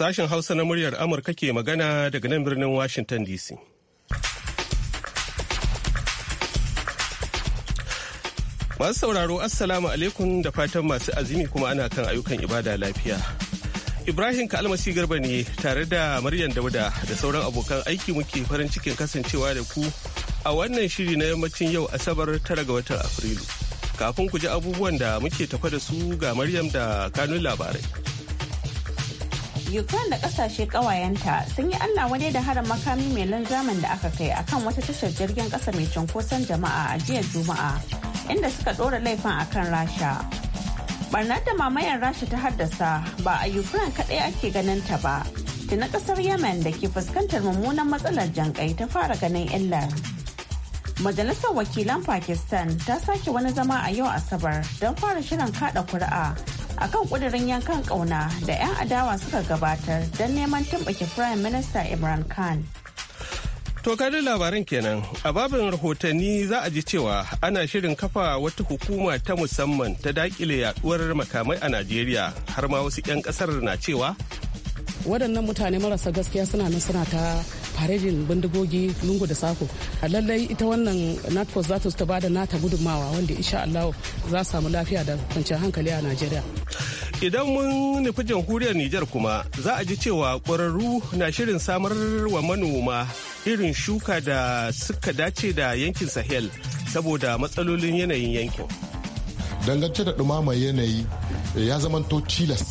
Sashen Hausa na muryar Amurka ke magana daga nan birnin Washington DC. Masu sauraro Assalamu alaikum da fatan masu azumi kuma ana kan ayyukan ibada lafiya. Ibrahim Kalmasi Garba ne tare da Maryam Dauda da sauran abokan aiki muke farin cikin kasancewa da ku a wannan shiri na yammacin yau Asabar tara ga watan Afrilu. Kafin ku ji abubuwan da muke tafa da su ga Maryam da kanun labarai. Ukraine da kasashe kawayenta sun yi Allah wani da harin makami mai linzamin da aka kai akan wata tashar jirgin kasa mai cunkoson jama'a a jiya Juma'a inda suka ɗora laifin akan Rasha. Barnar da mamayan Rasha ta haddasa ba a Ukraine kaɗai ake ganin ta ba. Tuna ƙasar Yemen da ke fuskantar mummunan matsalar jankai ta fara ganin illar. Majalisar wakilan Pakistan ta sake wani zama a yau Asabar don fara shirin kaɗa kuri'a akan kudirin yankan kauna da 'yan adawa suka gabatar don neman tumɓuke prime minister imran khan To kanin labaran kenan a babin rahotanni za a ji cewa ana shirin kafa wata hukuma ta musamman ta dakile yaduwar makamai a Najeriya har ma wasu 'yan kasar na cewa waɗannan mutane marasa gaskiya suna nan suna ta farejin bindigogi lungu da sako a lallai ita wannan natfos za ta bada nata gudunmawa wanda insha Allah za samu lafiya da kwanciyar hankali a najeriya idan mun nufi jamhuriyar nijar kuma za a ji cewa kwararru na shirin samar wa manoma irin shuka da suka dace da yankin sahel saboda matsalolin yanayin yankin dangance da ɗumamar yanayi ya zamanto tilas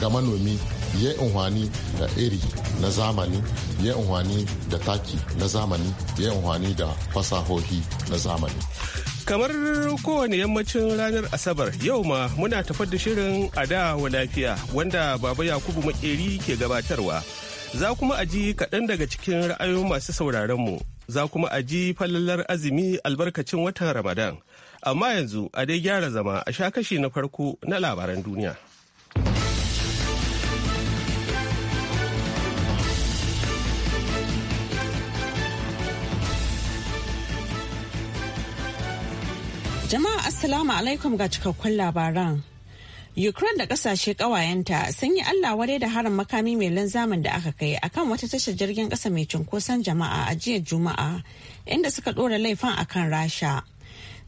ga manomi ya unhwani da iri na zamani ya unhwani da taki na zamani ya unhwani da fasahohi na zamani kamar kowane yammacin ranar asabar yau ma muna tafar da shirin adawa lafiya wanda baba yakubu makeri ke gabatarwa za kuma a kaɗan daga cikin ra'ayoyin masu sauraronmu za kuma a ji falalar azumi albarkacin watan ramadan amma yanzu a dai gyara zama a sha kashi na farko na labaran duniya. Jama'a Assalamu alaikum ga cikakkun labaran. Ukraine da kasashe kawayenta sun yi Allah wadai da harin makami mai linzamin da aka kai akan wata tashar jirgin kasa mai cunkoson jama'a a jiya Juma'a inda suka ɗora laifin akan Rasha.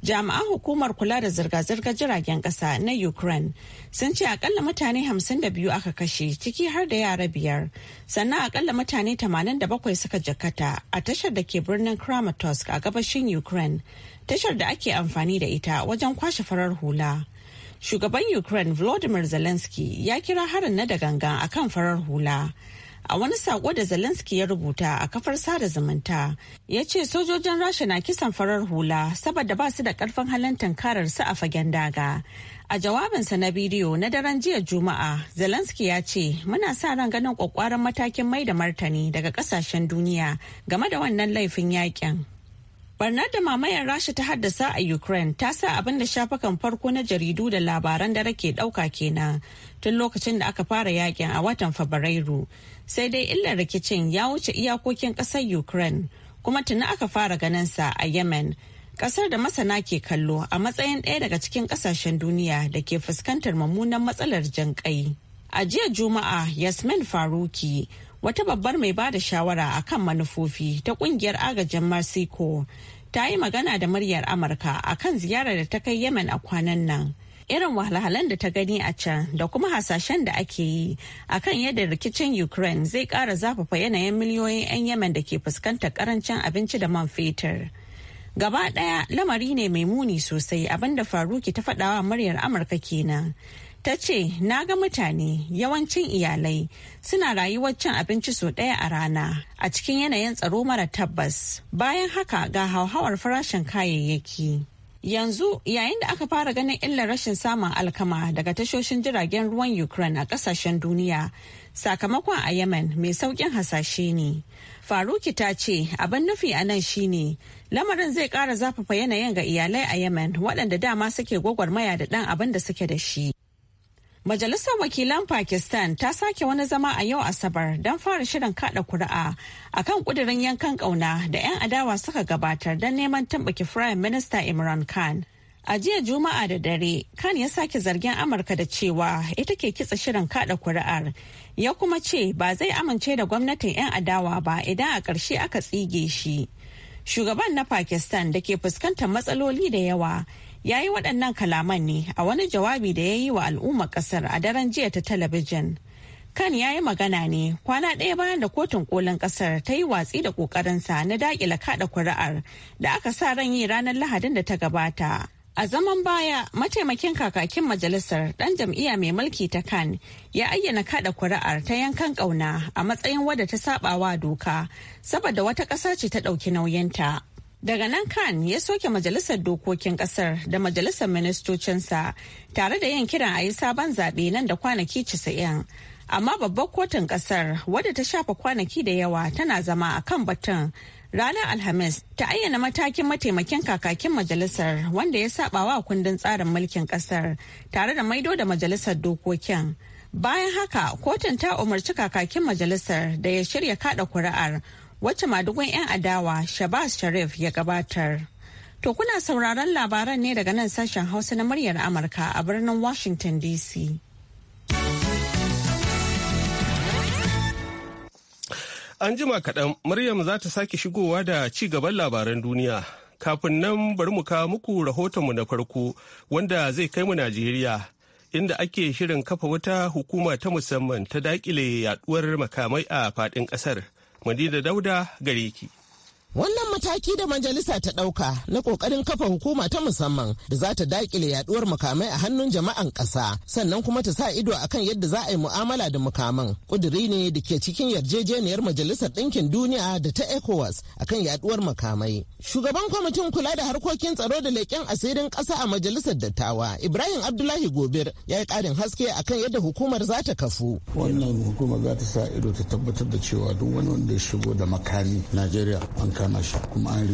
jami'an hukumar kula da zirga-zirgar jiragen kasa na ukraine sun ce akalla mutane 52 aka kashe ciki har da yara biyar sannan akalla mutane 87 suka jakata a tashar da ke birnin kramatorsk a gabashin ukraine tashar da ake amfani da ita wajen kwashe farar hula shugaban ukraine volodymyr zelensky ya kira harin na da gangan akan farar hula a wani sako da zelensky ya rubuta a kafar sada zumunta ya ce sojojin rasha na kisan farar hula saboda ba su da karfin halin tankarar su a fagen daga a jawabinsa na bidiyo na daren jiya juma'a zelensky ya ce muna sa ran ganin kwakwaran matakin mai da martani daga kasashen duniya game da wannan laifin yakin Barnar da mamayar Rasha ta haddasa a Ukraine ta sa abin da shafukan farko na jaridu da labaran dare ke ɗauka kenan tun lokacin da aka fara yakin a watan Fabrairu. Sai dai illar rikicin ya wuce iyakokin ƙasar Ukraine kuma tuni aka fara ganin sa a Yemen. Ƙasar da masana ke kallo a matsayin ɗaya daga cikin ƙasashen duniya da ke fuskantar mummunan matsalar jan A jiya Juma'a, Yasmin Faruki, wata babbar mai bada shawara akan manufofi ta kungiyar agajin Mexico ta yi magana da muryar Amurka a kan ziyarar da ta kai Yemen a kwanan nan. Irin wahalhalan da ta gani a can da kuma hasashen da ake yi a kan yadda rikicin Ukraine zai kara zafafa yanayin miliyoyin 'yan Yemen da ke fuskantar karancin abinci da man fetur. Gaba ɗaya lamari ne mai muni sosai abinda Faruki ta faɗawa muryar Amurka kenan. ta ce na ga mutane yawancin iyalai suna rayuwar cin abinci sau ɗaya a rana a cikin yanayin tsaro mara tabbas bayan haka ga hauhawar farashin kayayyaki yanzu yayin da aka fara ganin illar rashin samun alkama daga tashoshin jiragen ruwan ukraine a kasashen duniya sakamakon a yemen mai saukin hasashe ne faruki ta ce abin nufi a nan shine lamarin zai kara zafafa yanayin ga iyalai a yemen waɗanda dama suke gwagwarmaya da ɗan abin da suke da shi Majalisar Wakilan Pakistan ta sake wani zama a yau Asabar don fara shirin kada kuri'a a kan kudirin yankan kauna da 'yan adawa suka gabatar don neman tambaki Firayim Minista Imran Khan. A jiya Juma'a da dare, Khan ya sake zargin Amurka da cewa ita ke kitsa shirin kada kuri'ar. Ya kuma ce ba zai amince da gwamnatin 'yan adawa ba idan a ƙarshe aka tsige shi. Shugaban na Pakistan da ke fuskantar matsaloli da yawa ya yi waɗannan kalaman ne a wani jawabi da ya yi wa al'ummar ƙasar a daren jiya ta talabijin. Kan ya yi magana ne kwana ɗaya bayan da kotun kolin ƙasar ta yi watsi da ƙoƙarinsa na daƙila kaɗa kuri'ar da aka sa ran yi ranar Lahadin da ta gabata. A zaman baya, mataimakin kakakin majalisar ɗan jam'iyya mai mulki ta kan ya ayyana kaɗa kuri'ar ta yankan ƙauna a matsayin wadda ta saɓawa doka, saboda wata ƙasa ce ta ɗauki nauyinta. Daga nan Khan ya soke majalisar dokokin kasar da majalisar ministocinsa tare da yin kiran a yi sabon zaɓe nan da kwanaki 90. Amma babbar kotun kasar wadda ta shafa kwanaki da yawa tana zama a kan batun ranar alhamis ta ayyana matakin mataimakin kakakin majalisar wanda ya saba wa kundin tsarin mulkin kasar tare da maido da majalisar dokokin bayan haka kotun ta umarci kakakin majalisar da ya shirya kada kuri'ar wacce madugun 'yan adawa Shabazz Sharif ya gabatar. To kuna sauraron labaran ne daga nan sashen Hausa na muryar Amurka a birnin Washington DC. An jima kaɗan Maryam za ta sake shigowa da ci gaban labaran duniya. Kafin nan bari mu kawo muku rahotonmu na farko wanda zai kai mu Najeriya. inda ake shirin kafa wata hukuma ta musamman ta dakile yaduwar makamai a fadin ƙasar. Madina Dauda gare ki. Wannan mataki da majalisa ta ɗauka na ƙoƙarin kafa hukuma ta musamman da za ta daƙile yaɗuwar makamai a hannun jama'an ƙasa sannan kuma ta sa ido akan yadda za a yi mu'amala da mukaman ƙuduri ne da ke cikin yarjejeniyar majalisar ɗinkin duniya da ta ECOWAS akan yaɗuwar makamai. Shugaban kwamitin kula da harkokin tsaro da leƙen asirin ƙasa a majalisar dattawa Ibrahim Abdullahi Gobir ya yi ƙarin haske akan yadda hukumar za ta kafu. Wannan hukumar za ta sa ido ta tabbatar da cewa duk wani wanda ya shigo da makami Najeriya an kama shi kuma an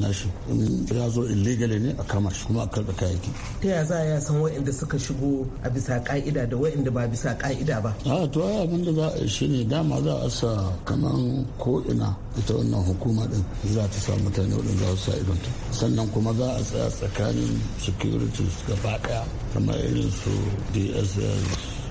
nashi in ya zo illegally ne a kama shi kuma a karɓi kayayyaki. ta ya za ya san wa'inda suka shigo a bisa ka'ida da wa'inda ba bisa ka'ida ba. a to ai abin da za a shi ne dama za a sa kaman ko ina ita wannan hukuma din za ta sa mutane wadanda za su sa idon ta sannan kuma za a tsaya tsakanin security gaba daya kamar irin su dss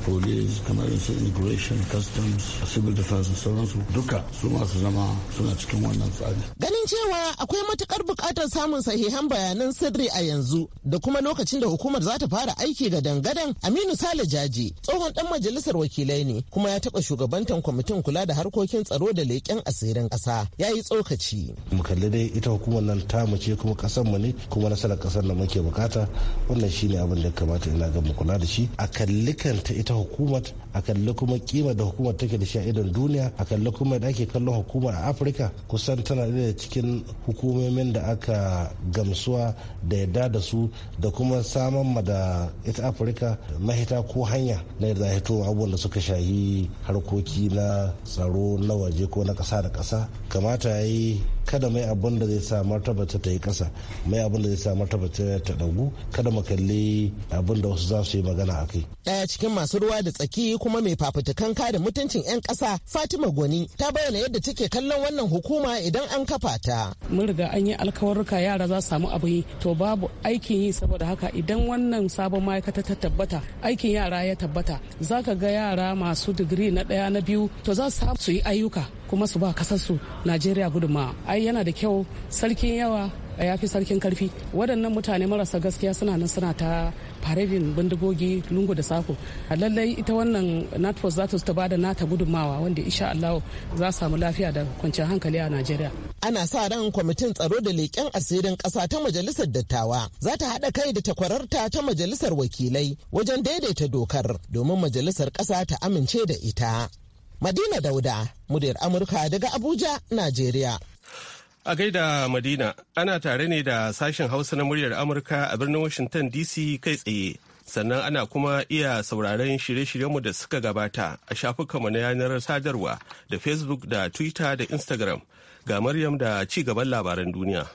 police kamar su immigration customs civil defense da sauransu duka su masu zama suna cikin wannan tsari ganin cewa akwai matukar bukatar samun sahihan bayanan sirri a yanzu da kuma lokacin da hukumar za ta fara aiki ga dangadan aminu sale jaji tsohon dan majalisar wakilai ne kuma ya taba shugabantan kwamitin kula da harkokin tsaro da leƙen asirin ƙasa ya yi tsokaci mu kalli dai ita hukumar nan ta ce kuma ƙasar mu ne kuma nasarar ƙasar da muke bukata wannan shine abin da ya kamata ina ga mu kula da shi a kalli kanta ita ita hukumar a kalli kuma kima da hukumar take da shi a idon duniya a kalli kuma da ake kallon hukumar a afirka kusan tana da cikin hukumomin da aka gamsuwa da yadda da su da kuma saman ma da ita afirka mahita ko hanya na yadda hito abubuwan da suka shahi harkoki na tsaro na waje ko na ƙasa da ƙasa kamata ya yi kada mai abin da zai sa martaba ta yi kasa mai abin da zai sa martaba ta dagu kada mu kalli abin da wasu za su yi magana a kai daya cikin masu ruwa da tsaki kuma mai fafutukan kada mutuncin yan kasa fatima gwani ta bayyana yadda take kallon wannan hukuma idan an kafa ta mun riga an yi alkawarruka yara za su samu abu yi to babu aikin yi saboda haka idan wannan sabon ma'aikata ta tabbata aikin yara ya tabbata za ka ga yara masu digiri na ɗaya na biyu to za su su yi ayyuka kuma su ba kasar su najeriya gudummawa ai yana da kyau sarkin yawa a eh, yafi sarkin karfi waɗannan mutane marasa gaskiya suna nan suna ta farebin bindigogi lungu da sako a lallai ita wannan natfos za ta ba da nata gudummawa wanda isha allahu za samu lafiya da kwanciyar hankali a najeriya ana sa ran kwamitin tsaro da leƙen asirin ƙasa ta majalisar dattawa za ta haɗa kai da takwararta ta majalisar wakilai wajen daidaita dokar domin majalisar ƙasa ta amince da ita Madina Dauda, muryar Amurka daga Abuja, Najeriya. A gaida Madina, ana tare ne da sashen Hausa na muryar Amurka a birnin Washington DC kai tsaye. Sannan ana kuma iya sauraron shirye-shiryenmu da suka gabata a shafukanmu na yanar sadarwa da Facebook da Twitter da Instagram. Ga Maryam da ci gaban labaran duniya.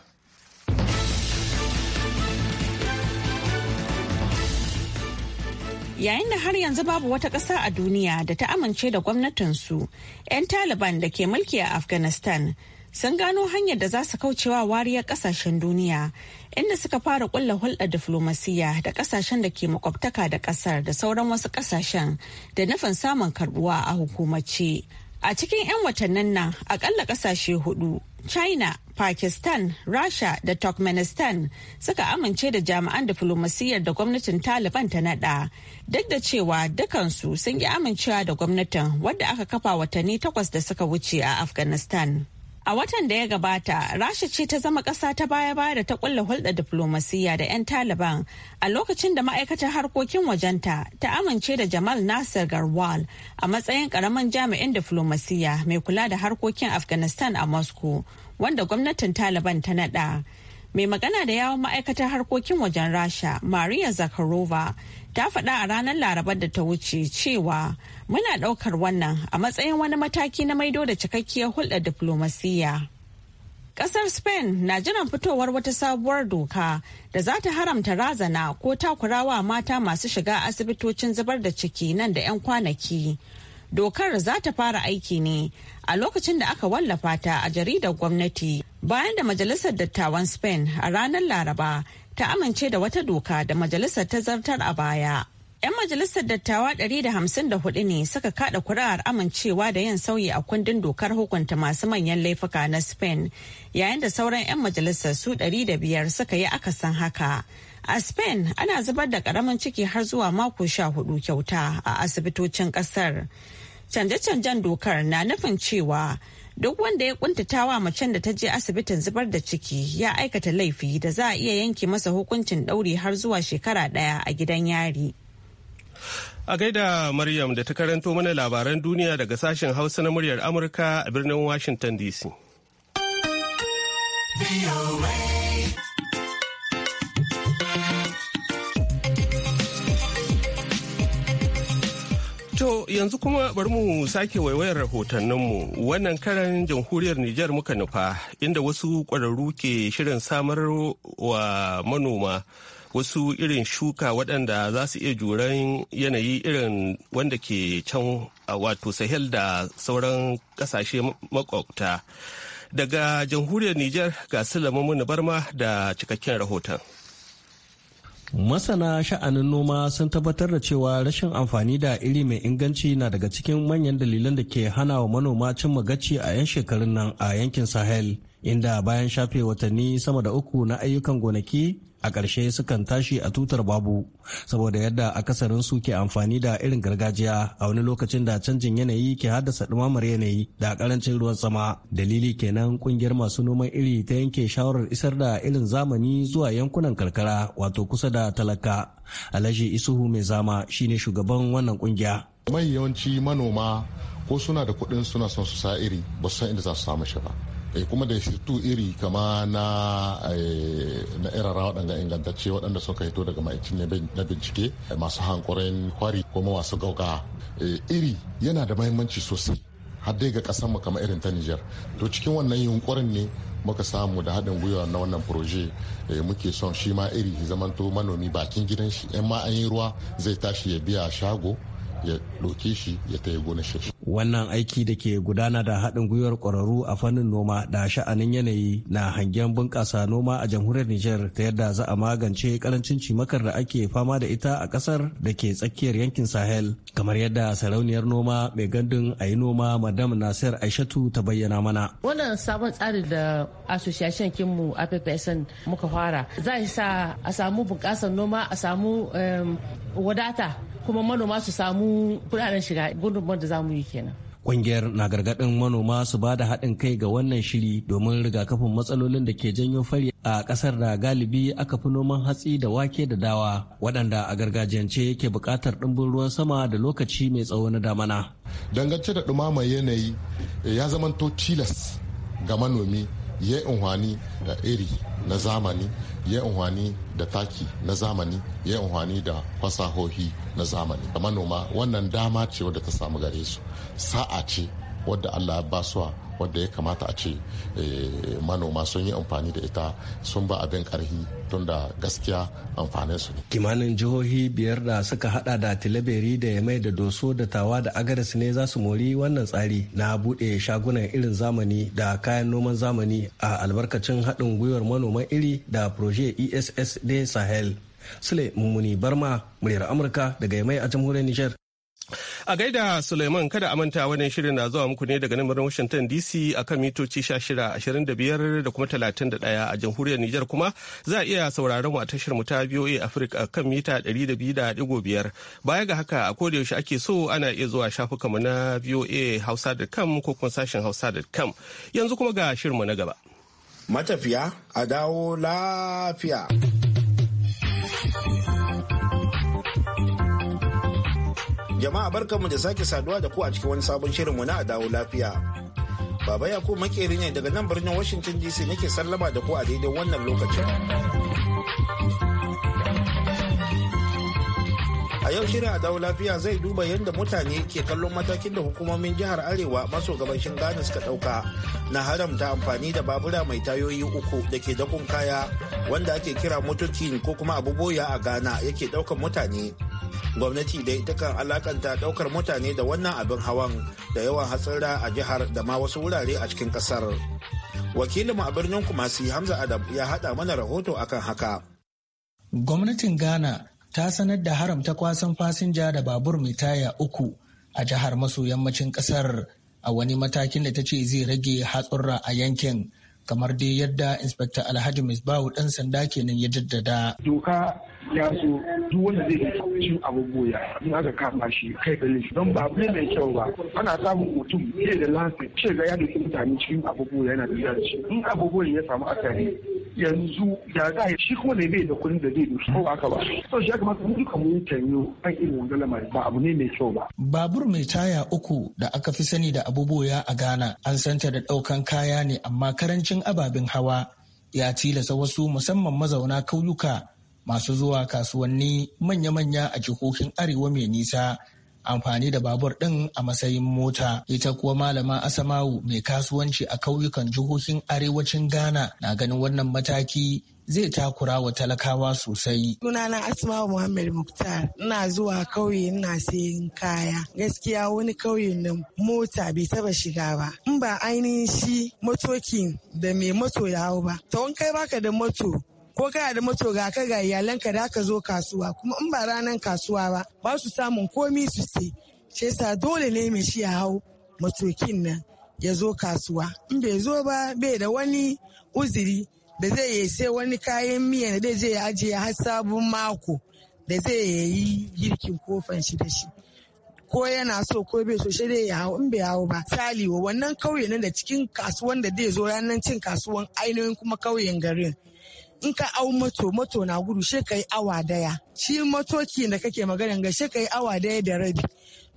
yayin da har yanzu babu wata ƙasa a duniya da ta amince da gwamnatinsu 'yan taliban da ke mulki a afghanistan sun gano hanyar da za su kaucewa wariyar ƙasashen duniya inda suka fara kulla hulɗa diflomasiyya da ƙasashen da ke makwabtaka da ƙasar da sauran wasu ƙasashen da nufin samun karbuwa a hukumace a cikin 'yan watannin nan akalla ƙasashe hudu China, Pakistan, Rasha da Turkmenistan suka amince da jami'an diflomasiyyar da gwamnatin Taliban ta nada. Duk da cewa dukansu sun yi amincewa da gwamnatin wadda aka kafa watanni takwas da suka wuce a Afghanistan. A watan da ya gabata, Rasha ce ta zama ƙasa ta baya-baya da ta ƙulla hulɗar diflomasiyya da 'yan Taliban a lokacin da ma'aikatar harkokin wajenta ta amince da Jamal Nasir Garwal a matsayin ƙaramin jami'in diflomasiyya mai kula da harkokin Afghanistan a Moscow, wanda gwamnatin Taliban ta naɗa. Mai magana da yawon ma'aikatar harkokin wajen Rasha, Maria Zakharova, ta faɗa a ranar larabar da ta wuce cewa muna ɗaukar wannan a matsayin wani mataki na maido da cikakkiyar hulɗar diflomasiyya. Ƙasar Spain na jiran fitowar wata sabuwar doka da za ta haramta razana ko takurawa mata masu shiga asibitocin zubar da ciki nan da 'yan kwanaki. Dokar za ta fara aiki ne a lokacin da aka wallafa ta a jaridar gwamnati bayan da majalisar dattawan spain a ranar laraba ta amince da wata doka da majalisar ta zartar a baya 'Yan majalisar dattawa 154 ne suka kada kuri'ar amincewa da yin sauyi a kundin dokar hukunta masu manyan laifuka na Spain, yayin da sauran 'yan majalisar su 105 suka yi akasin haka. A Spain ana zubar da karamin ciki har zuwa mako 14 kyauta a asibitocin kasar. Canje-canjen dokar na nufin cewa duk wanda ya kuntatawa macen da ta je asibitin zubar da ciki ya aikata laifi da za a iya yanke masa hukuncin ɗauri har zuwa shekara ɗaya a gidan yari. A gaida Maryam da ta karanto mana labaran duniya daga sashen Hausa na muryar Amurka a birnin Washington DC. yanzu kuma bari mu sake waiwayar rahotanninmu wannan karan jamhuriyar Nijar muka nufa inda wasu ƙwararru ke shirin samar wa manoma wasu irin shuka waɗanda za su iya juran yanayi irin wanda ke can wato sahel da sauran ƙasashe makwabta daga jamhuriyar Nijar ga Sulaiman Barma da cikakken rahoton. Masana sha'anin noma sun tabbatar da cewa rashin amfani da iri mai inganci na daga cikin manyan dalilan da ke hana wa manoma cimma gaci a 'yan shekarun nan a yankin Sahel, inda bayan shafe watanni sama da uku na ayyukan gonaki a ƙarshe sukan tashi a tutar babu saboda yadda akasarin su ke amfani da irin gargajiya a wani lokacin da canjin yanayi ke haddasa ɗumamar yanayi da ƙarancin ruwan sama dalili kenan ƙungiyar masu noman iri ta yanke shawarar isar da irin zamani zuwa yankunan karkara wato kusa da talaka alhaji isuhu mai zama shine shugaban wannan ƙungiya. mai yawanci manoma ko suna da kuɗin suna son su sa iri ba su san inda za su samu shi ba Eh, kuma da shirtu iri kama na eh, na irara waɗanda ingantacce waɗanda suka hito daga ma'aikacin na bincike eh, masu hankurin kwari kuma masu gauga iri yana da mahimmanci sosai har dai ga ƙasar mu kamar irin ta Nijar to cikin wannan yunkurin ne muka samu da haɗin gwiwa na wannan proje muke son shi ma iri zamanto manomi bakin gidan shi yan ma an yi ruwa zai tashi ya biya shago ya ɗauke shi ya taya gona shi. Wannan aiki da ke gudana da haɗin gwiwar ƙwararru a fannin noma da sha'anin yanayi na hangen bunƙasa noma a jamhuriyar Nijar ta yadda za a magance ƙarancin cimakar da ake fama da ita a ƙasar da ke tsakiyar yankin Sahel. Kamar yadda sarauniyar noma mai gandun a yi noma Madam Nasir Aishatu ta bayyana mana. Wannan sabon tsarin da association kinmu APPSN muka fara za sa a samu bunƙasar noma a samu wadata kuma manoma su samu kudaden shiga gudunmawar da za mu yi kenan Ƙungiyar na gargaɗin manoma su ba da haɗin kai ga wannan shiri domin rigakafin matsalolin da ke janyo fari a ƙasar da galibi aka fi noman hatsi da wake da dawa waɗanda a gargajiyance yake buƙatar ɗumbin ruwan sama da lokaci mai tsawo na damana. Dangance da ɗumamar yanayi ya zamanto tilas ga manomi ya unhwani da iri na zamani ya unhwani da taki na zamani ya unhwani da fasahohi na zamani manoma wannan dama ce wadda ta samu gare su sa'a ce wadda allah ya basuwa wadda ya kamata a ce eh, manoma sun yi amfani da ita sun ba abin karhi tun da gaskiya amfanin su kimanin jihohi biyar da suka hada da tilaberi da yamai da doso da tawa da agadas ne za su mori wannan tsari na bude shagunan irin zamani da kayan noman zamani a albarkacin haɗin gwiwar manoman iri da proje ess de sahel sule mummuni barma muryar amurka daga yamai a jamhuriyar nijar A gaida Suleiman kada a manta wannan shirin na zuwa muku ne daga nan birnin Washington DC a kan mitoci 1625 da kuma 31 a jamhuriyar Nijar kuma za a iya sauraron mu a tashar mu ta 2A Africa a kan mita 200.5. Baya ga haka a koda yaushe ake so ana iya zuwa shafukan mu na BOA Hausa.com ko kuma sashen Hausa.com. Yanzu kuma ga shirin mu na gaba. Matafiya a dawo lafiya. Jama'a barkanmu da sake saduwa da ku a cikin wani sabon shirinmu na dawo lafiya. Baba Yakubu makeri ne daga nan birnin Washington DC nake sallama da ku a daidai wannan lokacin. A yau shirin a dawo lafiya zai duba yadda mutane ke kallon matakin da hukumomin jihar Arewa maso gabashin Ghana suka dauka na haramta amfani da babura mai tayoyi uku da ke dakon kaya wanda ake kira motokin ko kuma abubuwa a Ghana yake daukan mutane. gwamnati dai takan alakanta daukar mutane da wannan abin hawan da yawan hatsira a jihar da ma wasu wurare a cikin kasar wakilinmu a birnin kumasi hamza adam ya haɗa mana rahoto akan haka gwamnatin ghana ta sanar da haramta kwasan fasinja da babur mai taya uku a jihar maso yammacin kasar a wani matakin da ta ce zai rage hatsura a yankin kamar dai yadda inspector alhaji misbahu dan sanda kenan ya jaddada doka ya so duk wanda zai yi cin abubuwa. goya in aka kama shi kai da don ba abu ne mai kyau ba ana samun mutum zai da lafi ce ga ya doki mutane cikin abubuwa yana da shi in abubuwan goya ya samu akari yanzu ya za shi kuma ne bai da kuɗin da zai dusu? ko aka ba so shi ya kamata mu duka mu tanyo kan irin wanda lamari ba abu ne mai kyau ba. babur mai taya uku da aka fi sani da abubuwa a ghana an san ta da ɗaukan kaya ne amma karancin ababen hawa ya tilasta wasu musamman mazauna kauyuka masu zuwa kasuwanni manya-manya a jihohin arewa mai nisa amfani da babur ɗin a matsayin mota ita kuwa malama asamawu mai kasuwanci a kauyukan jihohin arewacin ghana na ganin wannan mataki zai takura wa talakawa sosai. Sunana Asma'u Muhammad Muktar, ina zuwa kauye ina sayan kaya. Gaskiya wani kauye nan mota bai taba shiga ba. In ba ainihin shi motokin da mai moto ya hau ba. Ta wani kai baka da moto ko kana da mato ga ka ga iyalanka da ka zo kasuwa kuma in ba ranar kasuwa ba ba su samun komi su ce shi sa dole ne mai shi ya hau matokin nan ya zo kasuwa in bai zo ba bai da wani uziri da zai yi sai wani kayan miya da zai ajiye har sabon mako da zai yi girkin kofan shi da shi ko yana so ko bai so shi dai ya hau in bai hau ba sali wa wannan kauye na da cikin kasuwan da zai zo ranar cin kasuwan ainihin kuma kauyen garin in ka au mato mato na gudu she kai awa daya shi motoci da kake magana ga ka yi awa daya da rabi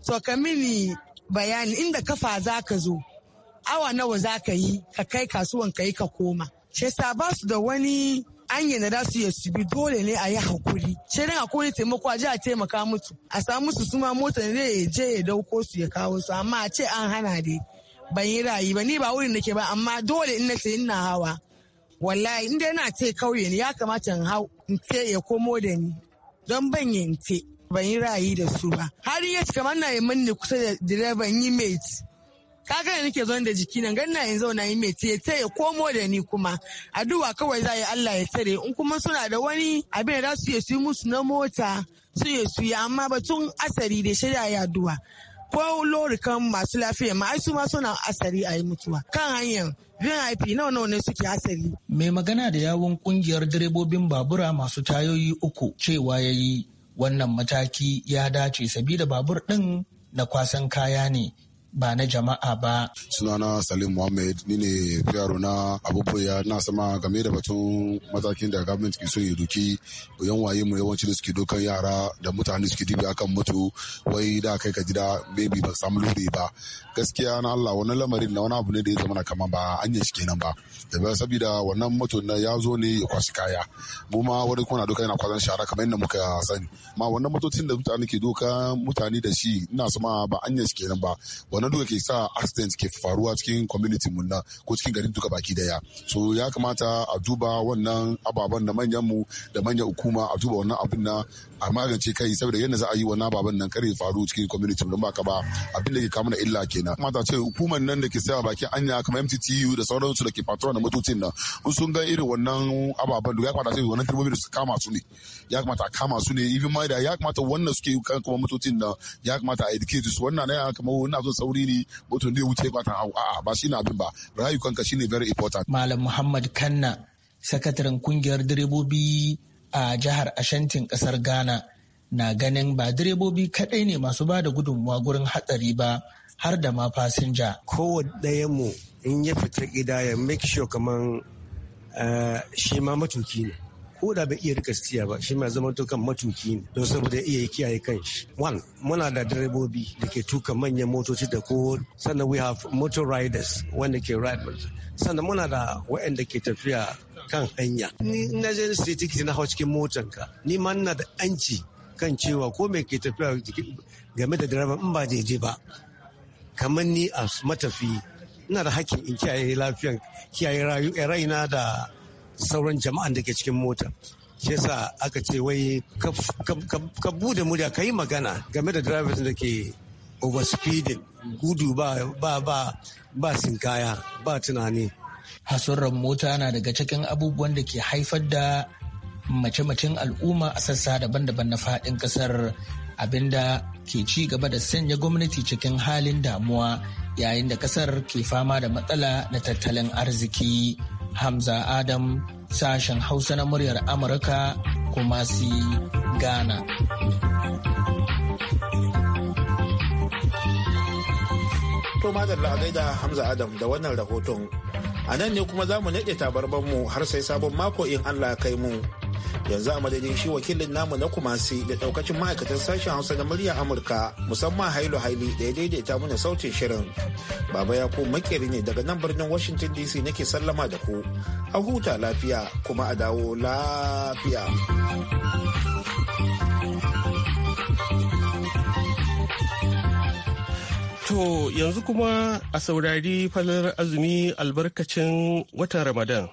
to ka mini bayani inda kafa za ka zo awa nawa za ka yi ka kai kasuwan ka yi ka koma she sa ba su da wani an da za su yi bi dole ne a yi hakuri sai dan hakuri taimako a ji a taimaka mutu. a samu su suma mota ne zai je ya dauko su ya kawo su amma a ce an hana dai ban yi rayu ba ni ba wurin da ke ba amma dole in na ce ina hawa wallahi inda yana ce kauye ne ya kamata in hau ce ya komo da ni don ban yi ce ban yi ra'ayi da su ba har yi ci kamar na yi manne kusa da direban yi mate kaga da nake zon da jiki nan na yanzu zauna yi mate ya ce ya komo da ni kuma addu'a kawai za yi Allah ya tare in kuma suna da wani abin da su yi musu na mota su yi su yi amma batun asari da shirya ya addu'a ko lorikan masu lafiya ma ai su ma suna asari a yi mutuwa kan hanyar VIP nawa nawa ne suke asali. Mai magana da yawon kungiyar direbobin babura masu tayoyi uku cewa ya yi wannan mataki ya dace sabida babur ɗin na kwasan kaya ne ba na jama'a ba. Sunana Salim Mohammed ni ne fiyaro na abubuwa na sama game da batun matakin da gwamnati ke so ya duki yan waye mu yawanci da suke dokan yara da mutane suke dibi akan mutu wai da kai ka gida baby ba samu lure ba gaskiya na Allah wani lamarin na wani abu ne da ya zama na kama ba anya shi kenan ba da sabida wannan mutu na ya zo ne ya kwashi kaya mu ma wani kuna doka yana kwazan shara kamar yadda muka sani ma wannan motocin da mutane ke doka mutane da shi ina sama ba anya shi kenan ba wannan duka ke sa accident ke faruwa cikin community mun na ko cikin garin duka baki daya so ya kamata a duba wannan ababen da manyan mu da manyan hukuma a duba wannan abin na a magance kai saboda yadda za a yi wannan ababen nan kare faru cikin community don baka ba abin da ke kama na illa kenan kamata ce hukumar nan da ke sa baki anya kamar MTTU da sauran su da ke patrol da motocin nan in sun ga irin wannan ababen duka ya kamata sai wannan turbobi su kama su ne ya kamata a kama su ne even ma da ya kamata wannan suke kan kuma motocin nan ya kamata a educate su wannan ne kamar wannan zo sauri ne mutum zai wuce ta hau a'a ba shine abin ba rayukanka shine very important malam muhammad kanna sakataren kungiyar direbobi a jihar ashantin kasar ghana na ganin ba direbobi kadai ne masu ba da gudunmuwa gurin hatsari ba har da ma fasinja kowa mu in ya fita gida ya make sure kaman eh, shi ma matuki ne ko da bai iya rika siya ba shi ma zama to kan matuki ne don saboda ya iya kiyaye kanshi one muna da direbobi da ke tuka manyan motoci da ko sannan we have motor riders wanda ke ride sannan muna da waɗanda ke tafiya kan hanya ni na je sai tikiti na hau cikin ka ni ma na da anci kan cewa ko me ke tafiya game da direba in ba je ba kamar ni a matafi ina da hakkin in kiyaye lafiyan kiyaye rayu raina da sauran jama'an da ke cikin mota shi yasa aka ce wai ka bude murya ka yi magana game da drivers da ke overspeeding gudu ba ba ba ba sinkaya ba tunani hasurran mota na daga cikin abubuwan da ke haifar da mace-macen al'umma a sassa daban-daban na faɗin kasar abinda ke ci gaba da sanya gwamnati cikin halin damuwa yayin da ƙasar ke fama da matsala na tattalin arziki Hamza Adam sashen Hausa na muryar Amurka kuma si Ghana. To madalla a gaida Hamza Adam da wannan rahoton. A nan ne kuma za mu naɗe mu har sai sabon mako in Allah kai mu. yanzu a madadin shi wakilin namu na kumasi da daukacin ma'aikatan sashen hausa na murya amurka musamman hailu haili da ya daidaita mana sautin shirin baba ya ku makeri ne daga nan birnin washington dc nake sallama da ku a huta lafiya kuma a dawo lafiya To yanzu kuma a saurari falar azumi albarkacin watan Ramadan.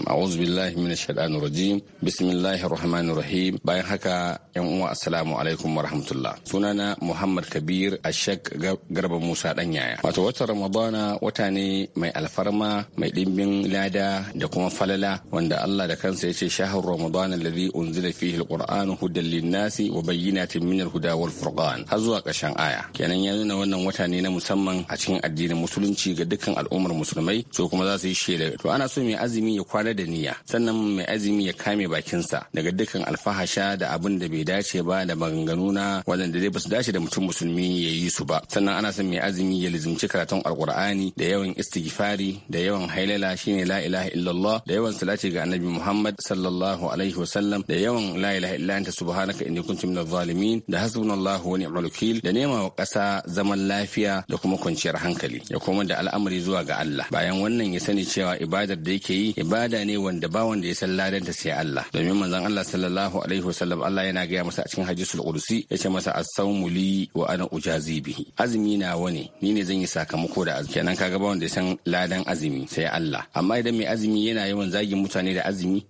A'udhu billahi minash shaitanir rajim. Bismillahir rahmanir rahim. Bayan haka yan uwa assalamu alaikum wa rahmatullah. Sunana Muhammad Kabir Ashak Garba Musa Danyaya. Wato watan Ramadana wata ne mai alfarma, mai dimbin lada da kuma falala wanda Allah da kansa ya ce shahar Ramadana alladhi unzila fihi alqur'anu hudan linnasi wa bayyinatin minal huda wal furqan. Har zuwa ƙarshen aya. Kenan ya nuna wannan wata ne na musamman a cikin addinin musulunci ga dukkan al'ummar musulmai so kuma za su yi shela. To ana so mai azumi ya kwa kwana da niyya sannan mai azumi ya kame bakinsa daga dukkan alfahasha da abin da bai dace ba da maganganu na wadanda dai basu dace da mutum musulmi ya yi su ba sannan ana son mai azumi ya lizimci karatun alkur'ani da yawan istighfari da yawan hailala shine la ilaha illallah da yawan salati ga annabi muhammad sallallahu alaihi wasallam da yawan la ilaha illa anta subhanaka inni kuntu minaz zalimin da hasbunallahu wa ni'mal wakil da nema wa ƙasa zaman lafiya da kuma kwanciyar hankali ya koma da al'amari zuwa ga Allah bayan wannan ya sani cewa ibadar da yake yi ibada ibada ne wanda ba wanda ya san ladan ta sai Allah domin manzon Allah sallallahu alaihi wasallam Allah yana gaya masa a cikin hadisul qudsi yace masa as-sawmu li wa ana ujazi bihi azumi na wani ni ne zan yi sakamako da azumi kenan kaga ba wanda ya san ladan azumi sai Allah amma idan mai azumi yana yawan zagin mutane da azumi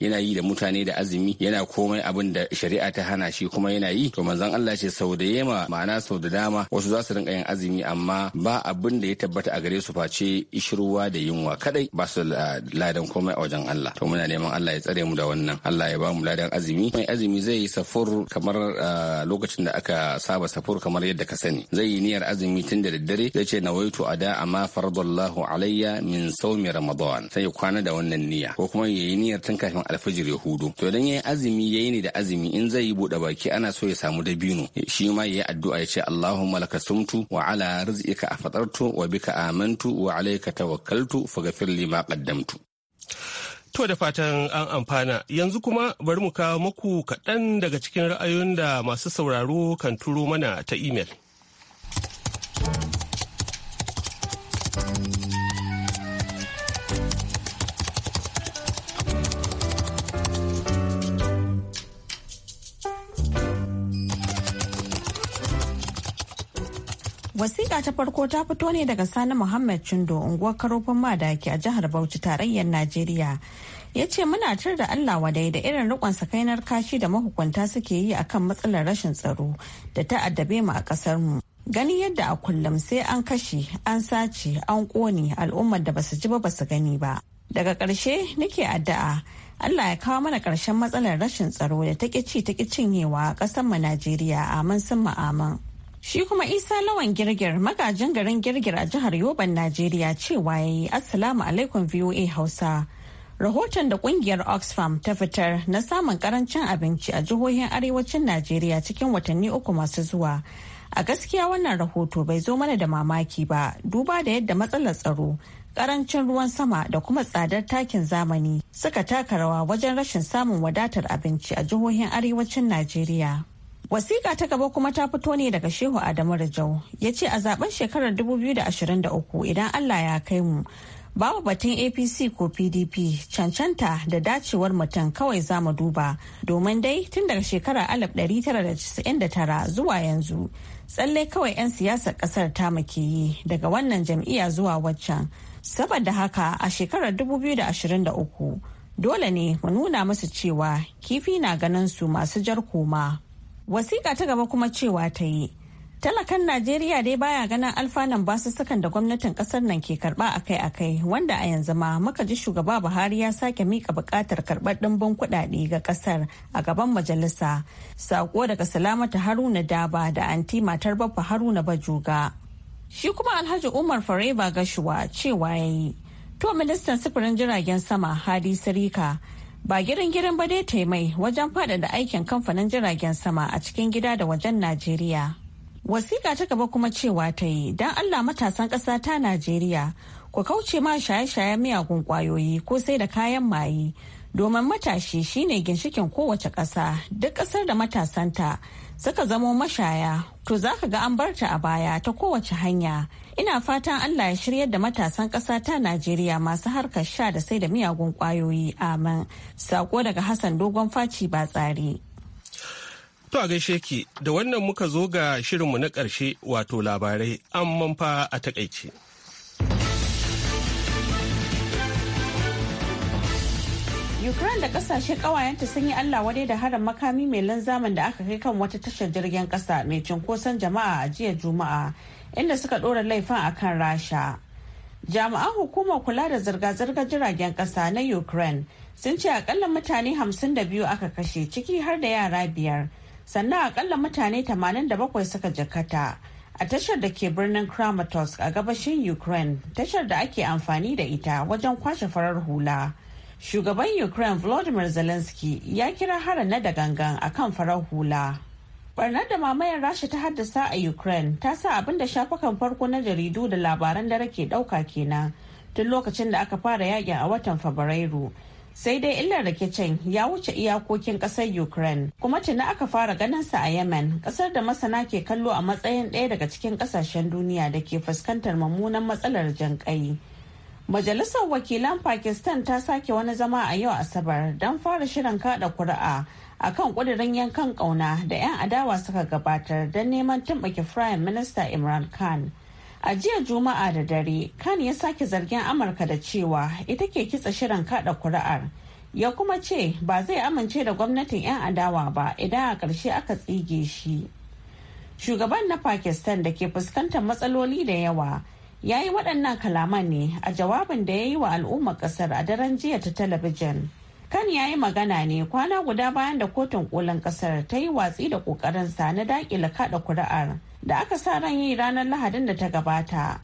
yana yi da mutane da azumi yana komai abin da shari'a ta hana shi kuma yana yi to manzon Allah ce sau da yema ma'ana sau da dama wasu za su rinka yin azumi amma ba abin da ya tabbata a gare su face ishirwa da yunwa kadai ba su ah, ladan komai a wajen Allah to muna neman Allah ya tsare mu da wannan Allah ya ba mu ladan azumi mai azumi zai yi safur kamar ah, lokacin da aka saba safur kamar yadda ka sani zai yi niyyar azumi tun da daddare zai ce nawaitu ada amma farzallahu alayya min sawmi ramadan sai ya kwana da wannan niyya ko kuma yayi niyyar tun kafin alfajir ya hudu to idan yayi azumi yayi ne da azumi in zai yi bude baki ana so ya samu dabino shi ma yayi addu'a ya ce Allahumma laka sumtu wa ala rizqika afatartu wa bika amantu wa alayka tawakkaltu faghfir li ma qaddamtu To da fatan an amfana yanzu kuma bari mu kawo muku kaɗan daga cikin ra'ayoyin da masu sauraro kan turo mana ta imel. Wasiƙa ta farko ta fito ne daga Sani Muhammad Chindo unguwar karofin madaki a jihar Bauchi tarayyar Najeriya. Ya ce muna tar da Allah wadai da irin rikon sakainar kashi da mahukunta suke yi akan matsalar rashin tsaro da ta addabe mu a ƙasar mu. Gani yadda a kullum sai an kashe, an sace, an ƙone al'ummar da basu ji ba basu gani ba. Daga ƙarshe nake addu'a Allah ya kawo mana ƙarshen matsalar rashin tsaro da ta ƙi ci ta cinyewa a ƙasar mu Najeriya amin sun amin. Shi kuma Isa Lawan Girgir magajin garin Girgir a jihar Yoban Najeriya cewa ya yi Assalamu alaikum VOA Hausa. Rahoton da kungiyar Oxfam ta fitar na samun karancin abinci a jihohin arewacin Najeriya cikin watanni uku masu zuwa. A gaskiya wannan rahoto bai zo mana da mamaki ba duba da yadda matsalar tsaro karancin ruwan sama da kuma tsadar takin zamani suka taka rawa wajen rashin samun wadatar abinci a jihohin arewacin Najeriya. Wasiƙa ta gaba kuma ta fito ne daga Shehu Adamu Rajau ya ce a zaben shekarar 2023 idan Allah ya kai mu babu batun APC ko PDP cancanta da dacewar mutum kawai za mu duba domin dai tun daga shekarar 1999 zuwa yanzu tsalle kawai 'yan siyasar kasar ta muke yi daga wannan jam'iyya zuwa waccan saboda haka a shekarar 2023 dole ne mu nuna musu cewa kifi na ganin su masu jar koma. Wasiƙa ta gaba kuma cewa ta yi. Talakan Najeriya dai baya ganin alfanan basussukan da gwamnatin kasar nan ke karba akai-akai wanda a yanzu ma muka ji shugaba Buhari ya sake mika bukatar karbar dimbin kuɗaɗe ga kasar a gaban majalisa. Sako daga Salamatu Haruna Daba da anti matar babba Haruna Bajuga. Shi kuma Alhaji Umar Fareba Gashuwa cewa yayi. To ministan sufurin jiragen sama Hadi Sirika ba girin girin ba dai ta mai wajen faɗaɗa aikin kamfanin jiragen sama a cikin gida da wajen najeriya wasiƙa ta gaba kuma cewa ta yi don allah matasan ƙasa ta najeriya ku kauce ma shaye-shayen miyagun ƙwayoyi ko sai da kayan maye domin matashi shine ginshikin kowace ƙasa duk ƙasar da matasanta suka zamo mashaya to za ka ga an barta a baya ta kowace hanya ina fatan allah ya shiryar da matasan ƙasa ta najeriya masu harkar sha da sai da miyagun ƙwayoyi amin sako daga hassan dogon faci ba tsari to a gaishe ki da wannan muka zo ga shirinmu na ƙarshe wato labarai amman fa a takaice. Ukraine da kasashe kawayenta sun yi Allah wadai da harin makami mai linzamin da aka kai kan wata tashar jirgin kasa mai cunkoson jama'a a jiya Juma'a inda suka ɗora laifin a kan Rasha. Jami'an hukumar kula da zirga zirga jiragen kasa na Ukraine sun ce akalla mutane 52 aka kashe ciki har da yara biyar sannan akalla mutane 87 suka jakata a tashar da ke birnin Kramatorsk a gabashin Ukraine tashar da ake amfani da ita wajen kwashe farar hula. shugaban ukraine volodymyr zelensky ya kira hara na da gangan kan farar hula barnar da mamayar rasha ta haddasa a ukraine ta sa abin da shafukan farko na jaridu da labaran dare ke dauka kenan tun lokacin da aka fara yakin a watan fabrairu sai dai illar rikicin ya wuce iyakokin kasar ukraine kuma tuni aka fara ganinsa a yemen kasar da masana ke kallo a matsayin ɗaya daga cikin kasashen duniya da ke fuskantar mummunan matsalar jan Majalisar wakilan Pakistan ta sake wani zama a yau Asabar don fara shirin kada kuri'a a kan kudirin yankan ƙauna da 'yan adawa suka gabatar don neman tumɓuke Prime Minister Imran Khan. A jiya Juma'a da dare, Khan ya sake zargin Amurka da cewa ita ke kitsa shirin kada kuri'ar. Ya kuma ce ba zai amince da gwamnatin 'yan adawa ba idan a ƙarshe aka tsige shi. Shugaban na Pakistan da ke fuskantar matsaloli da yawa. ya yi waɗannan kalaman ne a jawabin da ya yi wa al'ummar ƙasar a daren jiya ta talabijin kan ya yi magana ne kwana guda bayan da kotun kolin ƙasar ta yi watsi da ƙoƙarinsa na daƙila kaɗa kuri'ar da aka sa ran yi ranar lahadin da ta gabata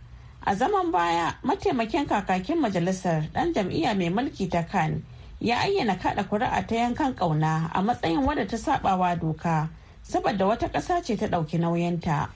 a zaman baya mataimakin kakakin majalisar ɗan jam'iyya mai mulki ta kan ya ayyana kaɗa kuri'a ta yankan ƙauna a matsayin wadda ta saɓawa doka saboda wata ƙasa ce ta ɗauki nauyinta.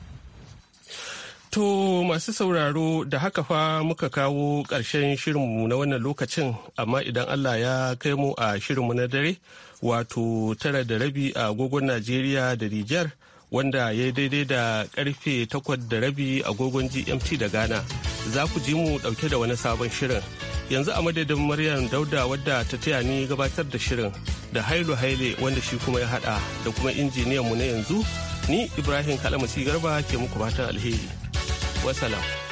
To masu sauraro da haka fa muka kawo ƙarshen shirinmu na wannan lokacin amma idan Allah ya kai mu a shirinmu na dare wato tara da rabi a agogon Najeriya da Nijar wanda ya daidai da karfe takwas da rabi agogon GMT da Ghana za ku ji mu ɗauke da wani sabon shirin. yanzu a madadin maryam dauda wadda ta taya ni gabatar da shirin da hailu haile wanda shi kuma ya hada da kuma injiniyanmu na yanzu ni ibrahim Kalamu garba ke muku fatan alheri wasalam.